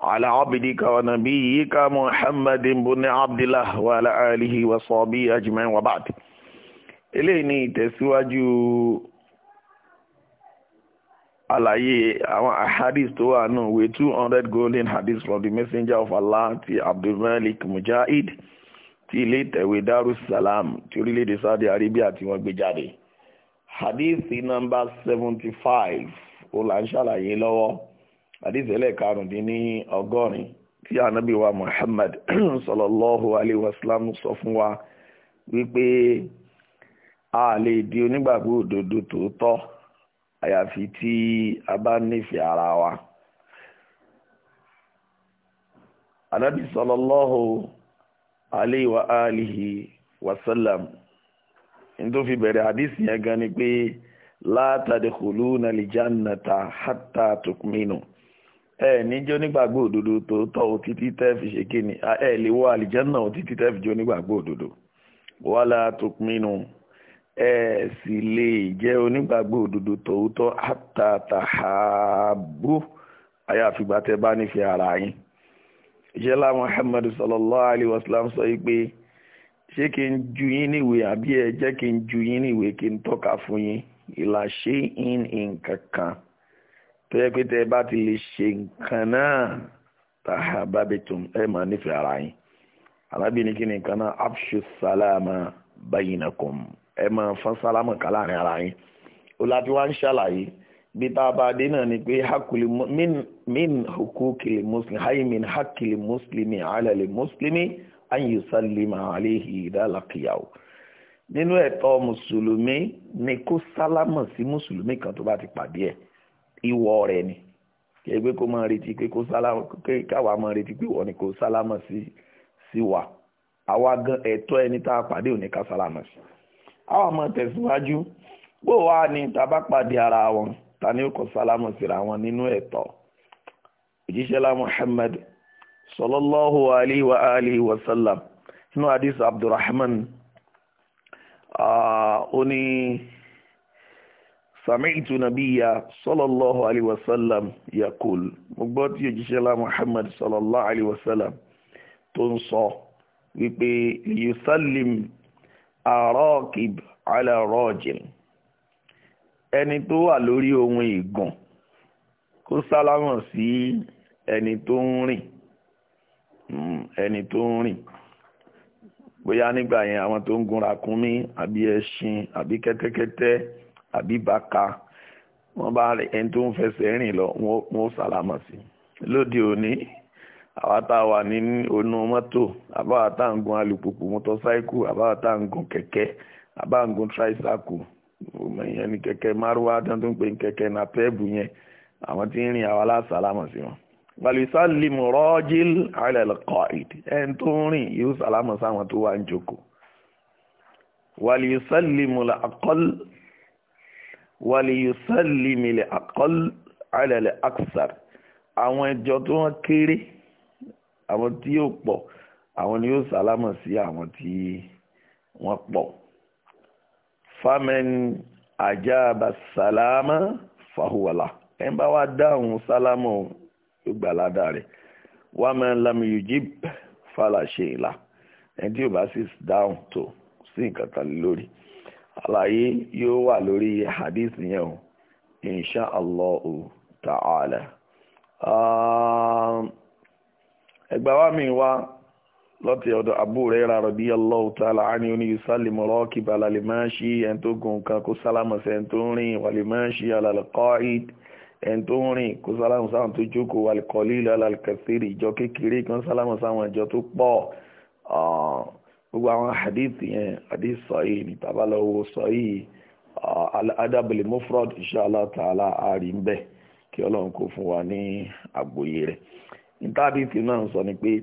على عبدك ونبيك محمد بن عبد الله وعلى آله وصحبه أجمعين وبعد eléyìí ìtẹ̀síwájú àlàyé àwọn ahadis tó wà nù wé two hundred golden hadith from the messenger of Allah ti Abdulmalik Mujahid ti ilé ìtẹ̀wé Darussalam ti orílẹ̀-èdè Saudi Arabia tí wọ́n gbé jáde hadith nọ́mbà seventy five ó là ń ṣàlàyé lọ́wọ́. hadith ẹlẹ́ẹ̀karùn-ún dín ní ọgọ́rin anabi wa muhammad sallallahu alayhi wa sallam sọ fún wa wípé a lè di onígbàgbọ́ òdodo tòótọ́ àyàfi tí a bá nífẹ̀ẹ́ ara wa. anabi sallallahu alayhi wa alihi wa sallam n tó fi bẹ̀rẹ̀ hadith yẹn gan ni pé la tadkhuluna aljannata hatta tukminu. ẹ níjẹ́ onígbàgbọ́ òdodo tòótọ́ títí tẹ́ fi ṣe kí ni ẹ lè wọ àlìjẹ́nà títí tẹ́ fi jẹ́ onígbàgbọ́ òdodo wàhálà tó pinnu ẹ sì lè jẹ́ onígbàgbọ́ òdodo tòótọ́ àtàtàhàbù àyàfìgbà tẹ́ bá nífẹ̀ẹ́ ara yín iṣẹ́ muhammadu sallallahu alayhi wa sallam sọ yìí pé ṣé kí n ju yín níwèé àbí ẹ jẹ́ kí n ju yín níwèé kí n tọ́ka fún yín ìlàṣẹ́ in in kankan. tó yẹ pé tẹ́ bá ti lè ṣe nǹkan náà tàhà bábẹ́tùm ẹ máa nífẹ̀ẹ́ ara yín alábì ní kí ni nǹkan náà afṣu sálámà bayinakum ẹ máa fọ́n sálámà ká láàrin ara yín ó láti wá ń ṣàlàyé bí tá a bá dé náà ni pé hakuli min min hukukili muslim hayi min hakili muslimi alali muslimi an yusallima alayhi idalakiyawo nínú ẹ̀tọ́ mùsùlùmí ni kó sálámà sí mùsùlùmí kan tó bá ti pàdé ẹ̀ ìwọ rẹ̀ ni kẹgbẹ́ kó máa retí pé kó sálámà káwa máa retí pé ìwọ ni kó sálámà sí sí wa àwa gan ẹ̀tọ́ ẹni tá a pàdé òní ká sálámà sí àwa máa tẹ̀síwájú bó wàá ní tá pàdé ara wọn ta ni ó kọ sálámà síra wọn nínú ẹ̀tọ́ òjíṣẹ́lá Muhammad sallallahu alayhi wa alihi wa sallam nínú hadith Abdurrahman ah, ó ní. Uh, سمعت نبي sallallahu الله عليه وسلم يقول mo gbọ́ tí òjíṣẹ́ lá muhammad sallallahu alayhi wa sallam tó ń sọ wípé yusallim arakib ala rajin ẹni tó wà lórí ohun ìgùn kó sálámọ̀ sí ẹni tó ń rìn hmm, ẹni tó ń rìn bóyá nígbà yẹn àwọn tó ń gun ràkúnmí àbí ẹṣin àbí kẹ́tẹ́kẹ́tẹ́ àbí bàkà wọ́n bá ẹni tó ń fẹsẹ̀ rìn lọ wọ́n ó sàlámà sí lóde òní àwa tá a wà ní onú mọ́tò àbáwá tá à ń gun alùpùpù mọ́tọ́sáìkù àbáwá tá à ń gun kẹ̀kẹ́ àbá à ń gun tráísàkù ọmọ ìyẹn ní kẹ̀kẹ́ márùwá tán tó ń pè ní kẹ̀kẹ́ náà pẹ́ẹ́bù yẹn àwọn tí ń rìn àwa lásàlámà sí wọn. balùwìsá limu rọ́jìl alẹ́lẹ́kọ́ ẹni tó ń rìn yóò sàlámà sáwọn tó wà ń jókòó wàlùwìsá limu làkọ́lù wàlìyùsálìmìlẹ̀ àkọ́l àlẹ́lẹ̀ aksar àwọn ìjọ tí wọ́n kéré àwọn tí yóò pọ̀ àwọn ni yóò sálámọ̀ sí àwọn tí wọ́n pọ̀ famen ajaba salama fahuwala ẹ̀ ń bá wa dáhùn sálámọ̀ gbàládà rẹ̀ wàmẹ̀ lamiyujib falashe ìlà ẹ̀ tí yóò bá sì dáhùn tó sí nǹkan kan lórí àlàyé yóò wà lórí hadith yẹn o insha allahu ta'ala um, ẹgbà wa mi wá lọ́tí ọ̀dọ̀ Abu Hurairah radiyallahu ta'ala ani oní yusallimu rakiba ala limashi ẹni tó gùn kan kó sálámọ̀ sí ẹni tó ń rìn wà limashi ala alqa'id ẹni tó ń rìn gbogbo àwọn hadith yẹn hadith sahih ní tàbá lọ wo sahih ah, al-adabul mufrad inshallah ta'ala àárí ń bẹ kí ọlọ́run kó fún wa ní àgbọ́yé rẹ̀ ìtàdìtì náà sọ ni pé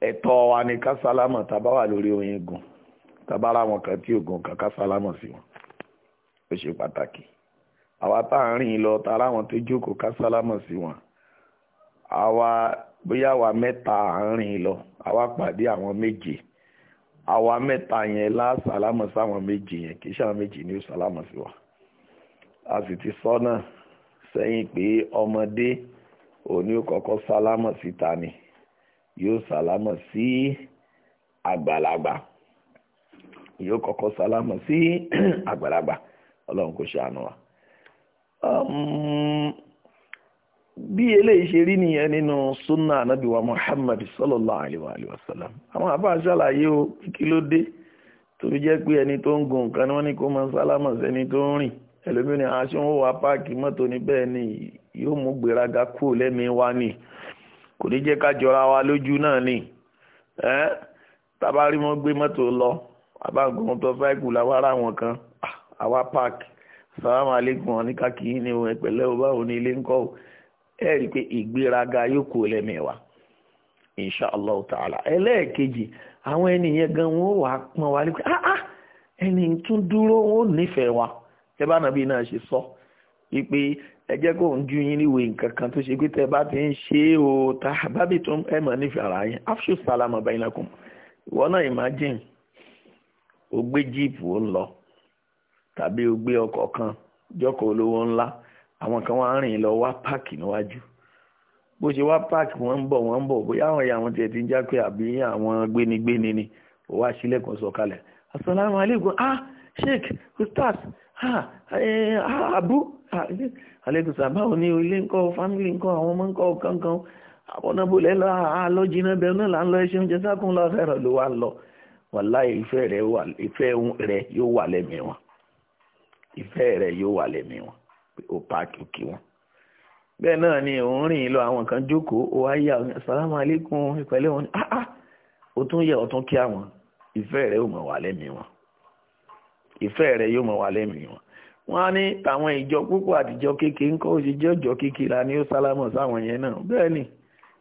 ẹ̀tọ́ wa ni kásálámọ̀ tàbá wà lórí oyin gùn tàbá ra kan tí ògùn kan kásálámọ̀ sí wọn ó ṣe pàtàkì àwa tá à ń rìn lọ tàrá wọn tó jókòó kásálámọ̀ sí wọn àwa bóyá àwa mẹ́ta à ń rìn lọ àwa pàdé àwọn méje àwa mẹ́ta yẹn lásàlámọ̀ sáwọn méje yẹn kì í ṣe àwọn méje ní sàlámọ̀ sí wa a sì ti sọ náà sẹ́yìn pé ọmọdé òní ó kọ́kọ́ sálámọ̀ síta ni yóò sálámọ̀ sí àgbàlagbà yóò kọ́kọ́ sálámọ̀ sí àgbàlagbà ọlọ́run kò ṣàánú wa. Um, bí ilé ṣe rí nìyẹn nínú sunna anabi muhammad sallallahu alayhi wa sallam àwọn àbá ṣàlàyé o kí ló dé tó fi jẹ́ pé ẹni tó ń gun nǹkan ni wọ́n ní kó máa sálámà sẹ́ni tó ń rìn ẹlòmíràn ni aṣọ ń wà páàkì mọ́tò ní bẹ́ẹ̀ wa ni kò ní jọra wa lójú náà ni tábàárí wọn gbé mọ́tò lọ tó fáìkù làwọn ará wọn kan ah, àwa páàkì o báwo ilé o. ẹ pé ìgbéraga yóò kó lẹ́mẹ̀wá insha allah ta'ala ẹlẹ́ẹ̀kejì àwọn ẹni yẹn gan wọn wà pọn wa lẹ́kọ̀ọ́ ah ah ẹni tún dúró wọn nífẹ̀ẹ́ wa ẹ bá nàbí náà ṣe sọ wípé ẹ jẹ́ kó ń ju yín níwèé nǹkan kan tó ṣe pé tẹ́ bá ti ń ṣe é o ta bábí tó ẹ mọ̀ nífẹ̀ẹ́ ara yẹn afṣu salama bainakum ìwọ náà imagine o gbé jíìpù ó ń lọ tàbí o gbé ọkọ̀ kan jọ́kọ̀ olówó ńlá àwọn kan wá rìn lọ wá páàkì níwájú bó ṣe wá páàkì wọ́n ń bọ̀ wọ́n ń bọ̀ bóyá àwọn ẹ̀yà àwọn tiẹ̀ ti ń já àbí àwọn gbénigbéni ni ó wá sílẹ̀kùn sọ̀kalẹ̀ asalaamu aleykum ah sheik ustaz ah, eh, ah abu ah, aleykum sir báwo ni ilé ńkọ́ fámìlì ńkọ́ àwọn ọmọ ńkọ́ kankan àbọ̀nàbọ̀lẹ̀ lọ àlọ́ jìnnà bẹ́ẹ̀ náà là ń lọ ẹṣin jẹ́sàkùn lọ fẹ́ràn ló wá lọ wàláì ìfẹ́ rẹ̀ yóò wà lẹ́mìí wọn ìfẹ́ yóò wà lẹ́mìí ó páàkì kí wọn bẹ́ẹ̀ náà ni òun rìn lọ àwọn kan jókòó ó wá yà òun assalamu alaikum ìpẹ́lẹ́ wọn ni ah ah ó tún yẹ ọ̀tún kí àwọn ìfẹ́ rẹ̀ yóò mọ̀ wà lẹ́mìí wọn ìfẹ́ rẹ̀ yóò mọ̀ wà lẹ́mìí wọn wọ́n á ní tàwọn ìjọ púpọ̀ àtijọ́ kékeré ńkọ́ òṣìṣẹ́ ọjọ́ kékeré la ní ó sálámọ̀ sáwọn yẹn náà bẹ́ẹ̀ ni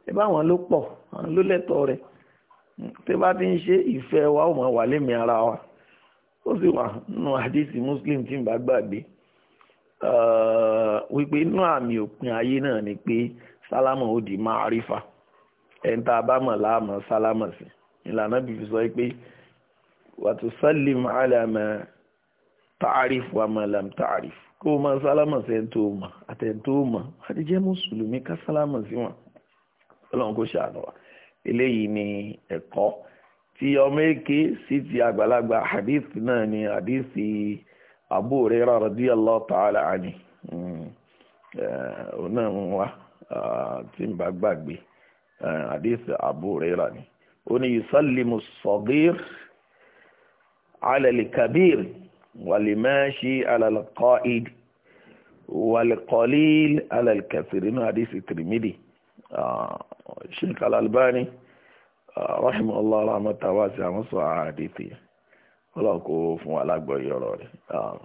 ẹ bá wọn ló pọ̀ àwọn ló lẹ́tọ̀ọ́ rẹ̀ tí bá ti ń ṣe ìfẹ́ wa ó mọ̀ wà lẹ́mìí ara wa ó sì wà nínú àdìsí muslim tí ń bá gbàgbé wípé inú àmì òpin ayé náà ni pé sálámà ó di máa rífà ẹni tá a bá mọ̀ láàmú sálámà sí ìlànà bìbí sọ pé wàtò sálìm àlàmà tààríf wà mà làm tààríf kó o máa sálámà sí ẹni tó mọ̀ àtẹni tó mọ̀ àti jẹ́ mùsùlùmí ká sálámà sí wọn ọlọ́run kò ṣàánú wa eléyìí ni ẹ̀kọ́ ti ọmọ èké sí ti àgbàlagbà hadith náà ni hadith Abu Hurairah radiyallahu ta'ala anhu òun náà ń wá tí n bá gbàgbé àdéhùn Abu Hurairah ni ó ní yusallimu as-saghir ala al-kabir wal-mashi ala al-qa'id wal-qalil ala al-kathir nínú àdéhùn Tirmidhi Sheikh Al-Albani rahimahullah rahmatan wasi'a àwọn sọ àdéhùn yẹn. ọlọ́run kò fún wa lágbọ̀ọ́yé ọ̀rọ̀ rẹ̀ ah,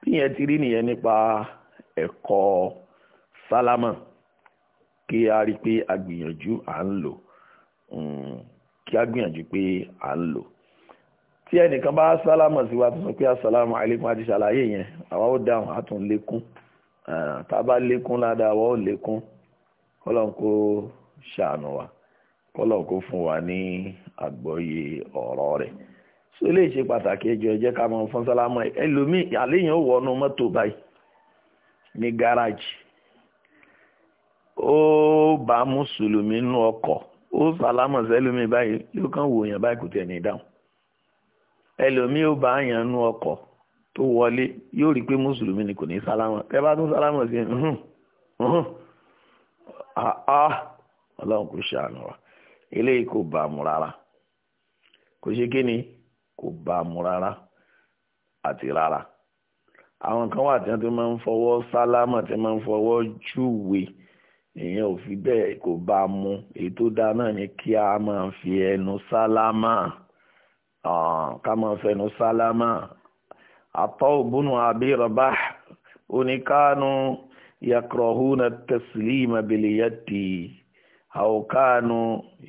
bí yẹn ti rí nìyẹn nípa ẹ̀kọ́ sálámà kí a rí pé a gbìyànjú à ń lò hmm, kí a gbìyànjú pé à ń lò tí ẹnìkan bá sálámà sí wa tó sọ pé asàlámù alaykum àti ṣàlàyé yẹn àwa ó dáhùn á lékún ah, tá a bá lékún ládàá àwa ó lékún kọ́lọ́n ṣàánú wa kọ́lọ́n kó fún wa ní àgbọ́yé ọ̀rọ̀ rẹ̀ so eléyìí ṣe pàtàkì ẹjọ ẹ jẹ́ ká mọ fún sálámọ ẹlòmíì àléyàn wọnú mọ́tò báyìí ní gáràjì ó bá mùsùlùmí nú ọkọ̀ ó sálámọ sẹlómi báyìí yóò kàn wò yàn báyìí kò tẹ̀ ní dáhùn ẹlòmíì ó bá yàn nú ọkọ̀ tó wọlé yóò rí i pé mùsùlùmí ni kò ní sálámọ tẹ bá tún sálámọ sí ah, ah, ọlọ́run kò ṣàánú wa eléyìí kò bá mu rárá kò ṣe kí ni kò bá mu rárá àti rárá àwọn kan wà tí wọ́n ti máa ń fọwọ́ sálámà tí wọ́n máa ń fọwọ́ júwe ìyẹn ò fi bẹ́ẹ̀ kò bá mu èyí tó dáa náà ni kí a máa fi ẹnu sálámà ká máa fẹnu sálámà àtọ́ ògbónú àbí rọ̀bá oníkánú yakrọ̀húnà tẹ̀sílì ìmọ̀bìlì yẹ́tì àwòkánu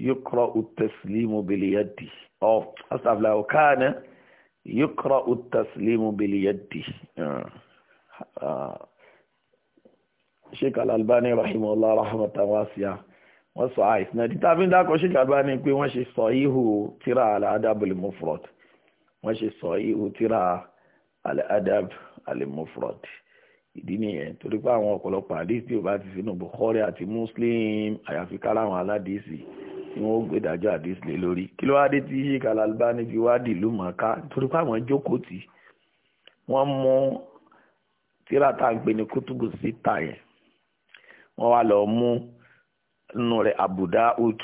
yíkọrọ utaslimu biliyadi ọ asàfilà àwòkánu yíkọrọ utaslimu biliyadi sheik alalbani rahimahullah rahmatan wasiya wọ́n sọ àìsàn náà títà bí ń dákọ̀ sheik alalbani pé wọ́n ṣe sọ ihu tíra aladab al-mufrad wọ́n ṣe sọ ihu tíra aladab al-mufrad. al ìdí nìyẹn torí pé àwọn ọ̀pọ̀lọpọ̀ àdéhìsì ò bá ti sínú bukhari àti muslim àyàfi kára àwọn aládìsì tí wọ́n ó gbé dájọ́ àdéhìsì lé lórí kí ló wá dé tí sheik alalbani fi wá dìlú mọ̀ọ́ká torí pé àwọn jókòó tì wọ́n mú tíra tá ní kútùbù síta yẹn wọ́n wá lọ mú nù rẹ̀ abu daud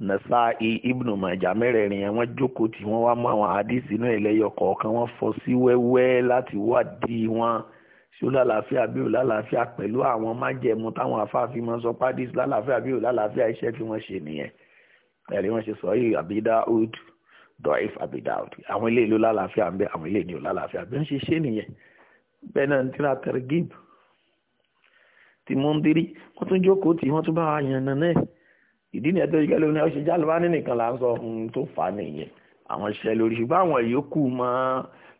Nasa ibnu maja mẹ́rẹ̀ẹ̀rin yẹn wọ́n jókòó tí wọ́n wá mú àwọn àdìsí náà ẹlẹ́yọ kọ̀ọ̀kan wọ́n fọ́ sí wẹ́wẹ́ láti wádìí wọn ṣé ó lálàáfíà bí ó lálàáfíà pẹ̀lú àwọn májẹ̀mú táwọn afáàfin máa ń sọ pádìsí lálàáfíà bí ó lálàáfíà iṣẹ́ tí wọ́n ṣe nìyẹn ẹ̀rí wọ́n ṣe sọ yìí abidaud doif abidaud àwọn ilé ìlú lálàáfíà ń bẹ àwọn ilé ìlú lálàáfíà bí wọ́n ṣe ṣe nìyẹn bẹ́ẹ̀ náà ní tíra tẹ̀rẹ̀gíb ti mọ́ndírí wọ́n tún jókòó tí wọ́n tún bá wa yànnà náà ìdí ni ẹ̀tọ́ ìgbẹ́ lónìí ọ̀ṣẹ̀ jálùbáni nìkan là ń sọ ohun tó fà á nìyẹn àwọn iṣẹ́ lórí ṣùgbọ́n àwọn ìyókù mọ́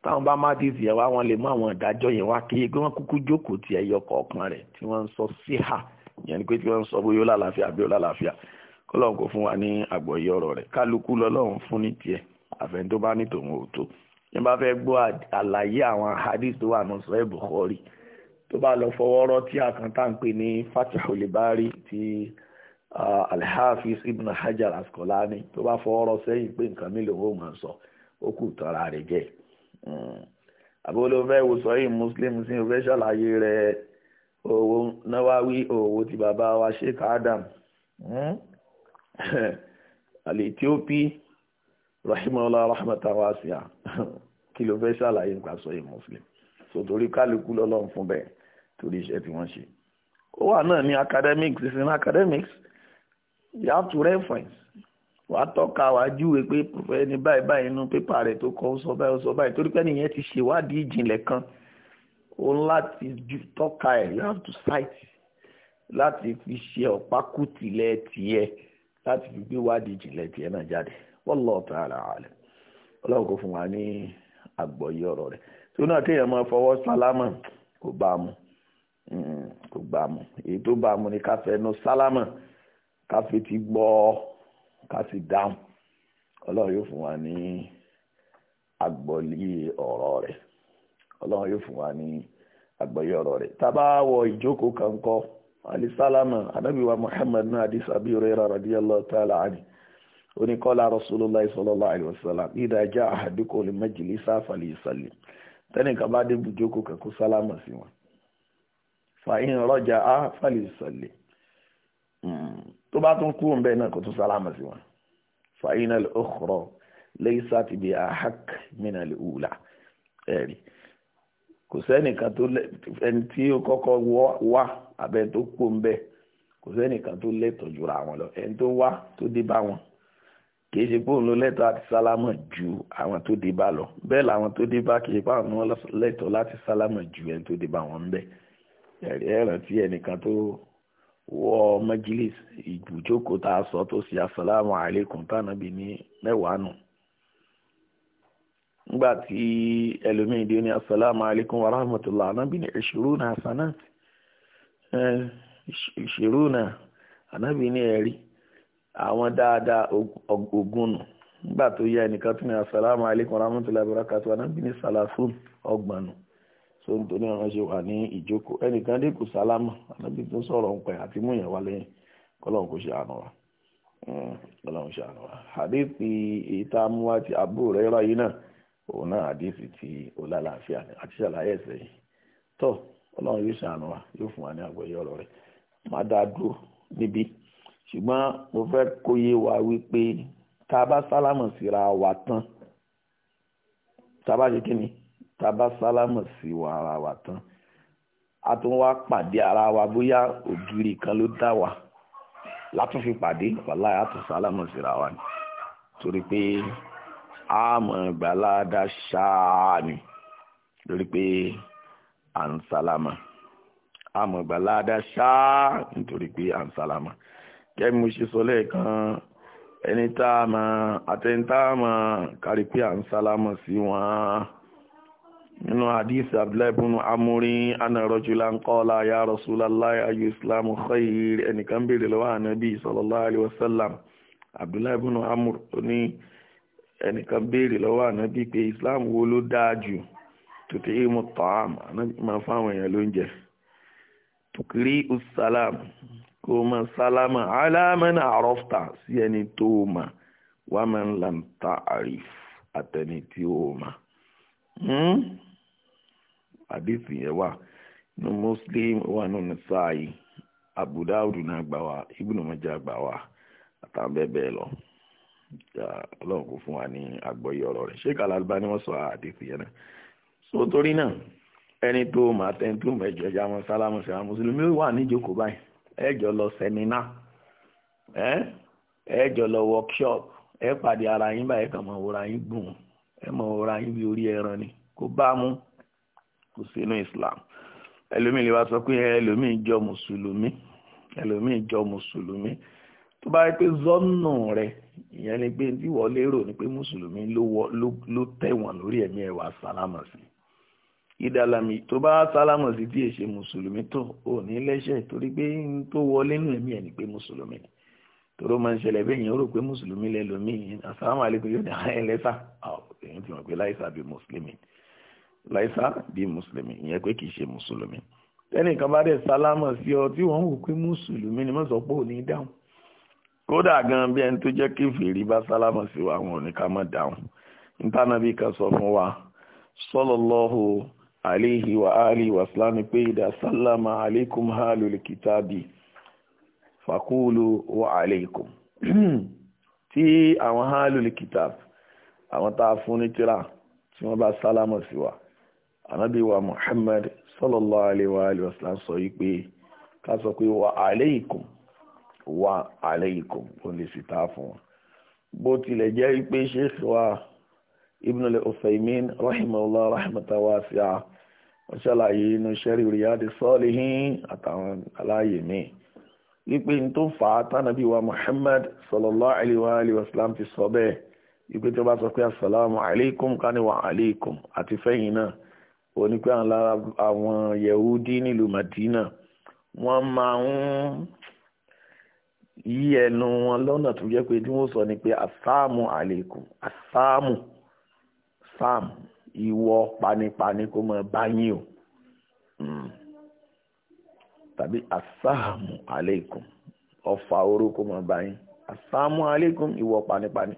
táwọn bá má dìtì ẹ̀ wá wọn lè mú àwọn ìdájọ́ yẹn wá kí pé wọ́n kúkú jókòó ti ẹ̀yọ kọ̀ọ̀kan rẹ̀ tí wọ́n ń sọ síhà ìyẹn ni pé tí wọ́n ń sọ bóyá ó lálàáfíà bí ó lálàáfíà kọ́lọ́n kò fún wa ní àgbọ̀yé ọ̀rọ̀ rẹ̀ kálukú lọ́lọ́run fún ní tiẹ̀ àfẹn tó bá ní tòun ò tó yẹn bá fẹ́ gbọ́ àlàyé àwọn hadith tó wà ní sọ ẹ̀ Bukhari tó bá lọ fọwọ́rọ́ tí àkàntà ń Bari ti Ah, alhafiz ibn hajar askolani tó bá fọwọ́rọ́ sẹ́yìn pé nǹkan mi lòun ò máa sọ ó kù tọ́ra rẹ̀ jẹ́ hmm. àbólófẹ́ wo sọ yìí muslim sí ìfẹ́ ṣàlàyé rẹ̀ owó náwáwí owó ti bàbá wa sheikh adam hmm. al-ethiopi rahimahullah rahmatan wasi'a kí ló fẹ́ ṣàlàyé nípa sọ yìí muslim so kálukú lọ́lọ́run fún bẹ́ẹ̀ torí iṣẹ́ tí wọ́n ṣe ó wà náà ní academics is academics you have to reference wàá tọ́ka wàá júwe pé ẹni báyìí báyìí inú pépà rẹ̀ tó kọ ó sọ báyìí ó sọ báyìí torí pé nìyẹn ti ṣèwádìí ìjìnlẹ̀ kan ó láti tọ́ka ẹ̀ you have to cite láti fi ṣe ọ̀pákùtìlẹ̀ tiẹ̀ láti fi gbé wádìí ìjìnlẹ̀ tiẹ̀ náà jáde wallahu ta'ala alim ọlọ́run kò fún wa ní àgbọ̀yé ọ̀rọ̀ rẹ̀ tó náà kéèyàn máa fọwọ́ sálámà kò bá mu kò bá mu èyí tó bá mu ni ká fẹnu sálámà ká fetí gbọ́ ká sì dáhùn ọlọ́run yóò fún wa ní àgbọ́lé ọ̀rọ̀ rẹ̀ ọlọ́run yóò fún wa ní àgbọ́yé ọ̀rọ̀ rẹ̀ tábà wọ ìjókòó kan kọ́ alisalama anabiwa muhammad náà hadith abi hurairah radiyallahu ta'ala anhu oníkọ́lá rasulullah sallallahu alaihi wasallam idha jaa ahadukum li majlisa falyusallim tẹ́nìkan bá dé bùjókòó kan kó sálámà sí wọn fa in raja'a falyusallim hmm tó bá tún kú òun bẹ́ẹ̀ náà kò tún sálámà sí wọn fàyínà lóòkùrọ lẹ́yìísá ti di ahak mìíràn lè wùlà ẹ̀rí kò sẹ́nìkan tó ẹni tí ó kọ́kọ́ wá abẹ́ tó kú òun bẹ́ẹ̀ kò sẹ́nìkan tó lẹ́tọ̀ọ́ jura wọn lọ ẹni tó wá tó dé bá wọn kì í ṣe pé òun ló lẹ́tọ̀ọ́ àti sálámà ju àwọn tó dé bá lọ bẹ́ẹ̀ làwọn tó dé bá kì í pa àwọn lẹ́tọ̀ọ́ láti sálámà ju ẹni tó dé bá wọn bẹ́ẹ̀ ẹ̀rí ẹ̀rántí ẹnìkan tó wọ majilis ìjókòó tá a sọ tó sì asalaamu aleykum tánàbí ní mẹ́wàá nù ngba tí ẹlòmíì dé ní asalaamu aleykum wa rahmatulah anabi ní ìṣirò náà sanat ìṣirò náà anabi ní ẹ̀rí àwọn dáadáa ogun nù ngba tó yẹ ẹnìkan tó ní asalaamu aleykum wa rahmatulah abirakatu anabi ní salafun ọgbọ̀n nù. so nítorí àwọn ṣe wà ní ìjókòó ẹnìkan dé kò sálámà ànábì tó sọ̀rọ̀ ń pẹ́ àti mú yẹn wá lẹ́yìn kọ́lọ́n kò ṣe àná wa hmm, kọ́lọ́n ṣe àná wa hadithi èyí mú wá ti Abu Hurairah yìí náà òun náà hadithi ti olálàáfíà àti ṣàlàyé ẹ̀sẹ̀ yìí tọ́ ọlọ́run yóò ṣàánú wa yóò fún wa ní àgbọ́yé ọ̀rọ̀ rẹ̀ máa dáa dúró níbí ṣùgbọ́n mo fẹ́ kó yé wa wípé tá a bá sálámà síra wa tán tá a bá ṣe kí tábà sálámù sí wa ara wa tán a tún wá pàdé ara wa bóyá ògiri kan ló dá wa látún fi pàdé wàláhì àtún sálámù síra wa ni torí pé a mọ̀ gbàládá ṣáà ni lórí pé à ń sálámà a mọ̀ gbàládá ṣáà nítorí pé à ń sálámà kẹ́mi mo ṣe sọ lẹ́ẹ̀kan ẹni tá a mọ̀ àtẹ̀ntá mọ̀ kárí pé à ń sálámà sí wọn nínú hadith abdullahi ibn amúrin anna rajulan qala ya rasulallah ayu islam khair ẹnìkan béèrè lọ́wọ́ ànábì sallallahu alayhi wa sallam abdullahi ibn amúr tó ní ẹnìkan béèrè lọ́wọ́ ànábì pé islam wo ló dáa jù tòtí ìmú tààm ànábì máa fáwọn èèyàn lóúnjẹ tukiri usalam kó o máa sálámà alámánà àrọ́fta sí ẹni tó o mà wàmánlá tààríf àtẹni tí o mà àdéhùn yẹn wà nínú Muslim wà nínú Nasa'i Abu Dawud náà gbà wá Ibn Majah gbà wá àtàwọn bẹ́ẹ̀ bẹ́ẹ̀ lọ ọlọ́run kò fún wa ní àgbọ́yé ọ̀rọ̀ rẹ̀ ṣé kàlá bá ní wọ́n sọ àdéhùn yẹn náà so torí náà ẹni tó máa tẹ́ tó mẹ́jọ ẹja wọn sálámù sálámù mùsùlùmí wà níjókòó báyìí ẹjọ lọ sẹ́mínà ẹjọ lọ workshop ẹ pàdé ara yín báyìí kàn mọ̀ wòra yín gbùn ẹ mọ̀ wòra yín bí orí ẹran ni kò bá mu kò sínú islam ẹlòmíì lè wá sọ pé ẹlòmíì jọ mùsùlùmí ẹlòmíì jọ mùsùlùmí tó bá rí pé zọ́nù rẹ ìyẹn ni pé tí wọ́n lérò ni pé mùsùlùmí ló tẹ̀wọ̀n lórí ẹ̀mí ẹ̀wà sálámà sí ìdàlámì tó bá sálámà sí tí èṣe mùsùlùmí tó ò ní lẹ́ṣẹ̀ torí pé ń tó wọlé nínú ẹ̀mí ẹ̀ ni pé mùsùlùmí ni toro máa ń ṣẹlẹ̀ bẹ́ẹ̀ yẹn ó rò pé mùsùlùmí lẹ́lòmíì asalaamualeykum yóò ní àyẹ̀lẹ́sà ah, ẹ̀yìn tí wọ́n pe láìsà bíi mùsùlùmí láìsá bí mùsùlùmí ìyẹn pé kì í ṣe mùsùlùmí tẹ́nìkan bá dẹ̀ sálámà sí ọ tí wọ́n wò pé mùsùlùmí ni mọ́sọ̀ pé ò ní dáhùn kódà gan bí ẹni tó jẹ́ kèfèrí bá sálámà sí wa àwọn òní ká má dáhùn ìtànàbí kan sọ fún wa sallallahu alayhi wa ali wa sallam pé ìdá sálámà alaykum halul kitabi fàkúlù wa alaykum tí àwọn halul kitab àwọn tá a fún ní tí wọ́n bá sálámà sí wa ànábì wa Muhammad sallallahu alayhi wa alayhi wa sallam sọ wípé ká sọ pé wa alaykum wa alaykum ó lè sì ta fún wọn bó tilẹ̀ jẹ́ wípé sheikh wa ibn al-Uthaymin rahimahullah rahmatan wasi'a wọ́n ṣàlàyé inú sẹ́rí Riyadi Salihin àtàwọn aláàyè míì wípé n tó fà á tánàbí wa Muhammad sallallahu alayhi wa sallam ti sọ bẹ́ẹ̀ wípé tó bá sọ pé assalamu alaykum ká alaykum àti fẹ́yìn náà ó ní pé lára àwọn yẹ̀húdí nílùú Madina wọ́n máa ń yí ẹnu wọn lọ́nà tó jẹ́ pé tí wọ́n sọ ni pé asáàmù àlékún asáàmù sam ìwọ panipani kó mọ báyìí o hmm. tàbí asáàmù àlékún ọfà oró kó mọ báyìí asáàmù àlékún ìwọ panipani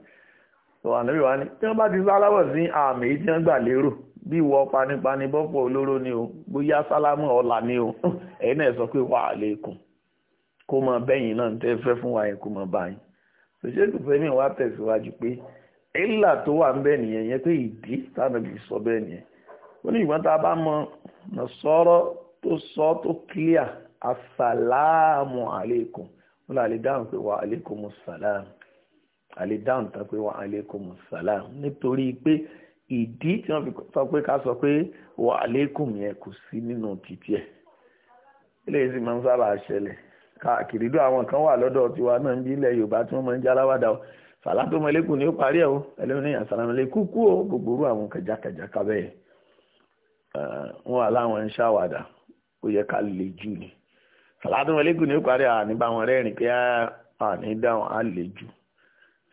tó ànábìwá ni tí wọ́n bá ti sáláwọ̀ sí àmì tí wọ́n gbà lérò bí ìwọ panipani bọ́pọ̀ olóró ni o bóyá sálámù ọ̀la ni o ẹ̀yin náà sọ pé wà á lè kùn kó mọ bẹ́yìn náà tẹ́ fẹ́ fún wa yẹn kó mọ báyìí òṣèlú fẹ́mi wa tẹ̀síwájú pé ìlà tó wà ń bẹ̀ nìyẹn yẹn pé ìdí sànàbì sọ bẹ́ẹ̀ nìyẹn ó ní ìgbọ́n tá a bá mọ sọ́rọ́ tó sọ tó clear asàlámù àlékún ó là lè dáhùn pé wà àlékún mu sàlámù àlè dáhùn tán pé wà àlékún mu sàlámù nítorí pé ìdí tí wọ́n fi sọ pé ká sọ pé wà lẹ́kùn yẹn kò sí nínú títí ẹ̀ eléyìí sì máa ń sábà ṣẹlẹ̀ káàkiri dùn àwọn kan wà lọ́dọ̀ tiwa náà ń bí ilẹ̀ yorùbá tí wọ́n máa ń jẹ́ aláwàdà o sàlátò mọ́lẹ́kùn ni ó parí ẹ̀ o ẹlẹ́mìnira sàlámẹ́lẹ́ kúkú o gbogbo orú àwọn kẹjákẹjáká bẹ́ẹ̀ wọ́n wà láwọn ń ṣàwàdà ó yẹ ká lè jù ni sàlátò mọ́lẹ́kùn ni ó parí àní bá wọn pé àní á lè jù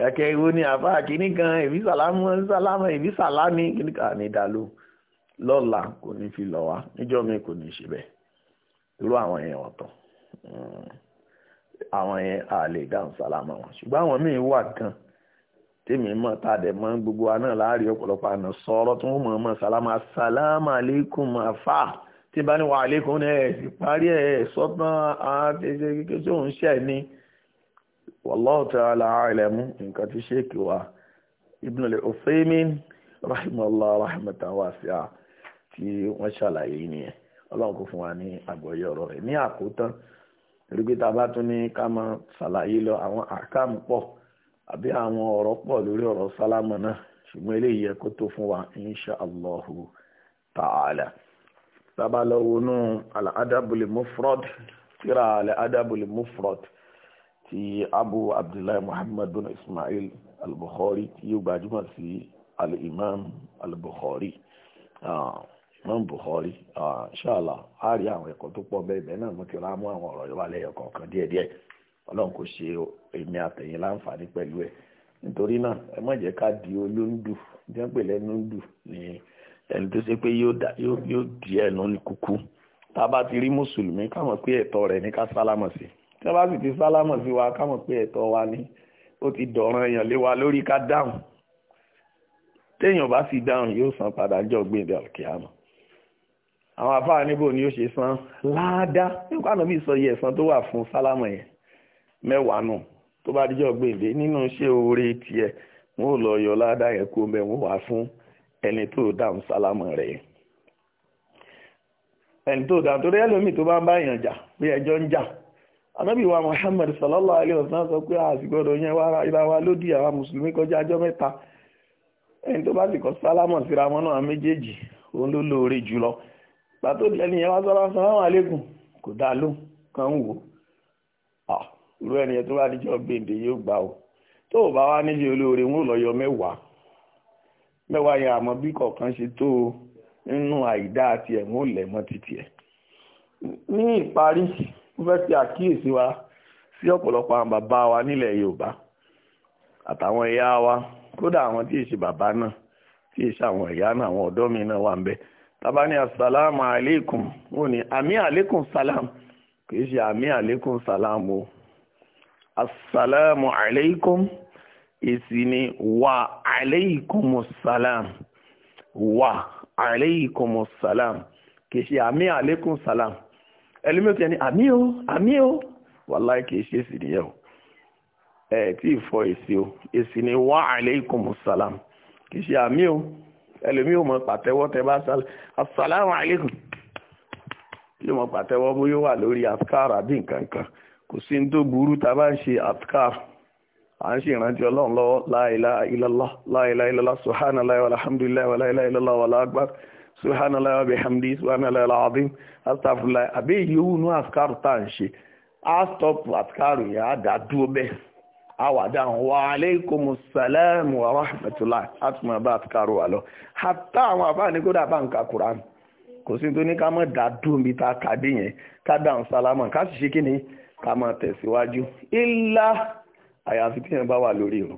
ẹ̀kẹ́ ìwo ni àbá kìíní kan ìbí sàlámù sàlámù ìbí sàlámì kìíní kan ní ìdálò lọ́la kò ní fi lọ níjọ́ mi kò ní ṣe bẹ́ẹ̀ irú àwọn yẹn ọ̀tọ̀ àwọn yẹn a lè dáhùn sàlámù wọn ṣùgbọ́n àwọn míì wà kan tèmi mọ̀ tá a dẹ̀ mọ̀ gbogbo wa náà láàárín ọ̀pọ̀lọpọ̀ àná sọ̀rọ̀ tó mọ̀ mọ̀ sàlámù sàlámù aleikum afa tí bá ní wà aleikum ní ẹ̀ parí ẹ̀ sọ́tàn àti ṣe kékeré tó ń ṣẹ̀ ni. wallahu ta'ala a'lamu nǹkan tí sheik wa ibn al-Uthaymin rahimahullah rahmatan wa ní àgbọ́yé ọ̀rọ̀ rẹ̀ ní a bá tún ní ká máa ṣàlàyé lọ àwọn àkàmù pọ̀ àbí àwọn ọ̀rọ̀ pọ̀ lórí ọ̀rọ̀ sálámù náà ṣùgbọ́n eléyìí insha allahu ta'ala ti abu abdullahi muhammad bin ismail al-bukhari tí ó gbajúmọ̀ sí al-imam al-bukhari imam bukhari ṣáàlà a rí àwọn ẹ̀kọ́ tó pọ̀ bẹ́ẹ̀ bẹ́ẹ̀ náà mú kí ọlá mú àwọn ọ̀rọ̀ yọba lẹ́yọ kọ̀ọ̀kan díẹ̀díẹ̀ ọlọ́run kò ṣe èmi àtẹ̀yìn láǹfààní pẹ̀lú ẹ̀ nítorí náà ẹ má jẹ́ ká di olóńdù jẹ́ pé lẹ́nudù ni ẹni tó ṣe pé yóò di ẹnu kúkú tá a bá ti rí mùsùlùmí ká pé ẹ̀tọ́ rẹ̀ ní ká sálámọ̀ sí i tí wọ́n bá sì ti sálámọ̀ sí wa ká mọ̀ pé ẹ̀tọ́ wa ni ó ti dọ̀ràn èèyàn lé wa lórí ká dáhùn téèyàn bá sì dáhùn yóò san padà jọ gbèǹdé àlùkìyàmọ̀ àwọn afáà níbò ni ó ṣe san láádáa nípa àná bí sọ iye ẹ̀san tó wà fún sálámọ̀ yẹn mẹ́wàá nù tó bá díjọ́ gbèǹdé nínú iṣẹ́ oore tiẹ̀ wọn ò lọ yọ ládàá yẹn kó mẹ́ wá fún ẹni tó dáhùn sálámọ̀ rẹ̀ ẹni tó dáhùn torí ẹlòmíì tó bá ń bá èèyàn jà bí ẹjọ́ ń jà anábì wa Muhammad sallallahu alaihi wasallam sọ pé a sì gbọ́dọ̀ yẹn wá ara wa lódì àwa mùsùlùmí kọjá ajọ́ mẹ́ta ẹni tó bá sì kọ sálámọ̀ síra wọn náà méjèèjì òun ló lóore jùlọ pàtó ẹni yẹn wá sọ́lá sọ́lámọ̀ alẹ́kùn kò dá ló kàn wò ó irú ẹni yẹn tó bá níjọ́ gbèǹde yóò gbà ó tó bá wá níbi olóore wọn ò lọ yọ mẹ́wàá mẹ́wàá yẹn àmọ́ bí kọ̀ọ̀kan ṣe tó nínú àìdá àti ẹ̀mú lẹ̀mọ́ títì ẹ̀ ní ìparí mo fẹ́ ṣe àkíyèsí wa sí ọ̀pọ̀lọpọ̀ àwọn bàbá wa nílẹ̀ Yorùbá àtàwọn ìyá wa kódà àwọn tí èsì bàbá náà tí èsì àwọn ìyá náà àwọn ọ̀dọ́ mi náà wà ń bẹ tábà ní asalaamu aleykum wọn ni àmì aleykum salam kìí ṣe àmì aleykum salam o asalaamu aleykum èsì ni wà aleykum salam wà aleykum salam kìí ṣe àmì aleykum salam ẹlẹ́mẹ́kì ẹni àmì o àmì o wàláì kìí ṣe èsì nìyẹn o ẹ tí ì fọ èsì o èsì ni wà alaykum salam kìí ṣe àmì o ẹlẹ́mí ò mọ pàtẹ́wọ́ tẹ bá sálẹ̀ assalamu alaykum yóò mọ pàtẹ́wọ́ bó yóò wà lórí afkar àbí nǹkan kan kò sí ní tó burú ta bá ń ṣe afkar à ń ṣe ìrántí ọlọ́run lọ́wọ́ la subhanallah wa bihamdi subhanallah alazim astaghfirullah àbí yòówù nú àsìkárù tá à ń ṣe á stop àsìkárù yẹn á dá dúró bẹ́ẹ̀ á wà dáhùn wa aleykum salam wa rahmatulah á tún máa bá àsìkárù hatta àwọn àbáà ní kódà bá ń ka quran kò sí tó ní ká mọ̀ dá dúró bí tá a kà dé yẹn ká dáhùn sálámà ká sì ṣe kí ni ká illa àyàfi tí yẹn bá wà lórí irun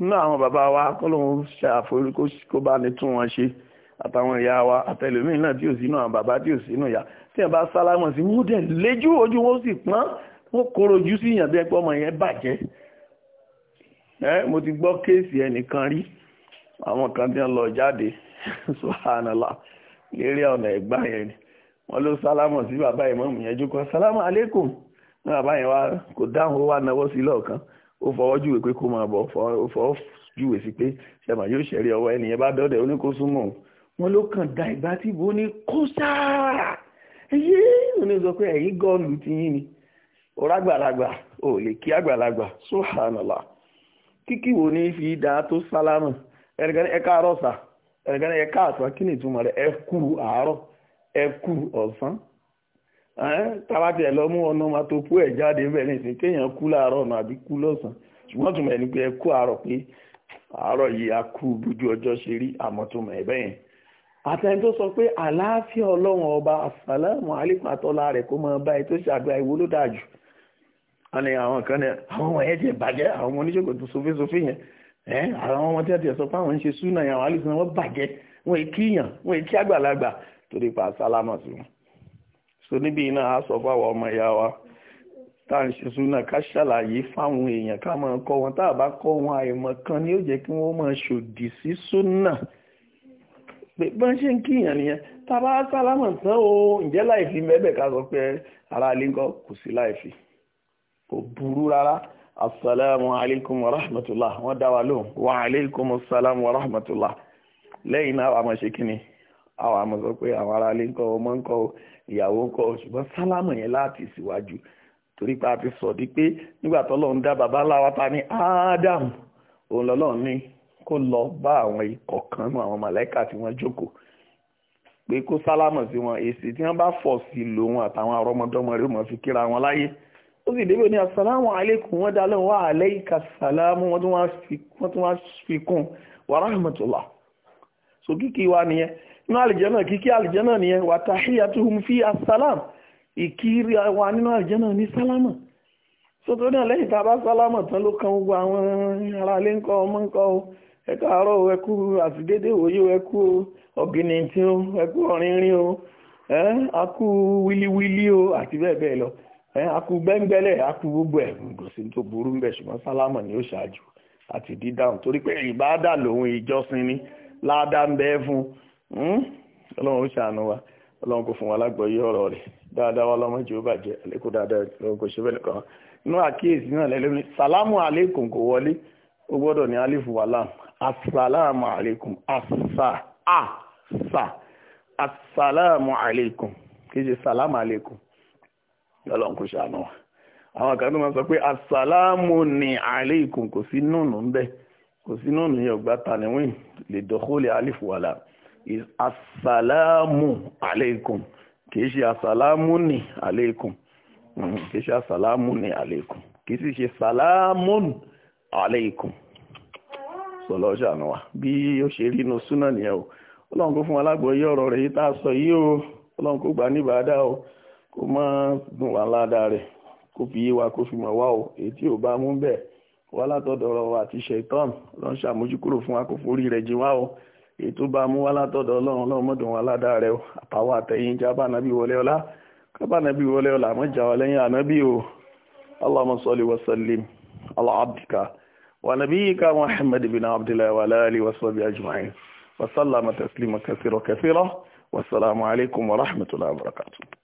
nínú àwọn bàbá wa kọ́lọ́hún ṣàforí kó bá ní tún wọn ṣe àtàwọn ìyá wa àtẹlòmíín náà tí ò sínú àwọn bàbá tí ò sínú ìyá tí wọn bá sálámọ̀ sí wọn dẹ̀ léjú ojú wọn sì pọ́n wọn kóró ojú sí ìyàn bí ẹgbẹ́ ọmọ yẹn bàjẹ́ ẹ mo ti gbọ́ kéèsì ẹnìkan rí àwọn kan tí wọn lọ jáde subhanallah lérí ọ̀nà ẹ̀gbá yẹn ni wọn ló sálámọ̀ sí bàbá ìmọ̀ọ́mù yẹn jókòó sálámọ̀ alaikum ní bàbá yẹn wá kò dáhùn ó wá náwó sí lọ́ọ̀kan ó fọwọ́ júwèé pé kó máa bọ̀ ó fọwọ́ sí pé ṣẹ̀mà yóò ṣẹ̀rí ọwọ́ ẹnìyẹn bá dọ́dẹ̀ wọn ló kàn da ìgbà tí ìbò ní kó sáà ẹyẹ òní sọ pé gọ́ọ̀lù ti yín ni ọ̀rọ̀ ò lè kí àgbàlagbà sóhànàlà wo ni fi dá tó sálámù ẹ káàárọ̀ ẹ káàtó kí ni ìtumọ̀ ẹ tàbá tiẹ̀ lọ mú ọ̀nà máa tó kú ẹ̀ jáde bẹ́ẹ̀ nìsín kéèyàn kú láàárọ̀ ọ̀nà àbí kú lọ́sàn-án ṣùgbọ́n tùmọ̀ ẹni pé ẹ kú àárọ̀ pé àárọ̀ yìí a kú bójú ọjọ́ ṣe rí àmọ́ tùmọ̀ ẹ̀ bẹ́yẹn àtẹni tó sọ pé àlàáfíà ọlọ́run ọba àsàlámù alẹ́kùn àtọ́lá rẹ̀ kó máa bá ẹ tó ṣàdúrà ìwó ló dáa jù àni àwọn kan ní àwọn ọmọ yẹn jẹ bàjẹ́ àwọn ọmọ oníṣègùn tó sofésofé yẹn ẹ àwọn ọmọ tí wọ́n ti sọ pé àwọn ń ṣe súnà yẹn àwọn alẹ́sìn wọn bàjẹ́ wọn kí yàn wọn kí àgbàlagbà torí pa so níbi iná a fáwọn ọmọ ìyá wa tá à ń ṣe súnà ká ṣàlàyé fáwọn èèyàn ká máa kọ́ wọn tá a bá kọ́ wọn àìmọ̀ kan ni ó jẹ́ kí wọ́n máa ṣòdì sí súnà pé bọ́n ṣe ń kíyàn nìyẹn tá a bá sálámọ̀ tán o ǹjẹ́ láìfi mẹ́bẹ̀ ká sọ pé ara ilé kò sí láìfi kò burú rárá asalaamu alaykum wa rahmatulah wọ́n dá wa lóhùn wa alaykum asalaamu wa rahmatulah lẹ́yìn náà àwọn àmọ̀ ṣe kíni àwọn àmọ̀ sọ pé àwọn ará ilé ọmọ ńkọ́ o ìyàwó kọ́ ṣùgbọ́n sálámù yẹn láti síwájú torí pé a ti sọ̀dí pé nígbà tọ́lọ́run dá bàbá láwa ta ní Adam òun lọ́lọ́run ní kó lọ bá àwọn ikọ̀ kan nù àwọn màlẹ́kà tí wọ́n jókòó pé kó sálámù sí wọn èsì tí wọ́n bá fọ̀ sí lò wọn àtàwọn arọ́mọdọ́mọ rẹ̀ mọ̀ fi kíra wọn láyé ó sì débò ní asàlámù aleikum wọ́n dá lóhùn wá alayka sàlámù wọ́n tún wá fi kún wàrà rahmatullah so kíkì wa nìyẹn nínú àlìjẹ́nà kíkí àlìjẹ́nà nìyẹn wà tahiyyatuhum fi asálàm ìkírí wa nínú àlìjẹ́nà ní sálámà sótó náà lẹ́yìn tá a bá sálámà tán ló kan gbogbo àwọn aráalé ńkọ́ ọmọ ńkọ́ o ẹ káàárọ̀ o ẹ kú àtidédé òye o ẹ kú ọ̀gìnìntìn o ẹ kú ọ̀rìnrìn o gbogbo Hmm? ọlọ́run ó ṣàánú wa ọlọ́run kò fún wa lágbọ̀ọ́yé ọ̀rọ̀ rẹ̀ dáadáa wa lọ́mọ jù ó bàjẹ́ àlékún dáadáa lọ́run kò ṣe bẹ́ẹ̀ nìkan inú àkíyèsí náà lẹ́lẹ́mí sàlámù àlékún kò wọlé ó gbọ́dọ̀ ní alifu wàlám asàlámù àlékún asà asà àlékún kì í ṣe sàlámù àlékún ọlọ́run kò ṣàánú wa àwọn kan tó máa sọ pé asàlámù aleikum kì í ṣe asàlámù ní aleikum mm-hmm. kì í ṣe asàlámù ní aleikum kì í sì ṣe sàlámù aleikum sọlọ ṣàánú wa bí ó ṣe rí inú súnà nìyẹn o ọlọ́run kó fún alágbòye ọ̀rọ̀ rẹ̀ yìí tá a sọ yìí o ọlọ́run kó gbà níbàdà o kó má dùn wá ládàá rẹ̀ kó fi yé wa kó fi mọ̀ wá o èyí tí ò bá mú bẹ́ẹ̀ wá látọ̀dọ̀ ọ̀rọ̀ àti ṣẹ̀tọ́n lọ́n ṣàmójúkúrò fún wa rẹ̀ jìn wá o ètò bá mú wá látọ̀dọ̀ ọlọ́run ọlọ́run mọ́dún wa ládàá rẹ o àtàwọn àtẹ̀yìn jábà nàbí wọlé ọlá kábà nàbí wọlé ọlá àmọ́ jà wà lẹ́yìn ànábì o allahumma salli wa sallim ala abdika wa nabiyyika muhammad bin abdullahi wa alihi wa sahbihi ajma'in wa taslima kathira kathira wassalamu alaikum wa rahmatullahi wa barakatuh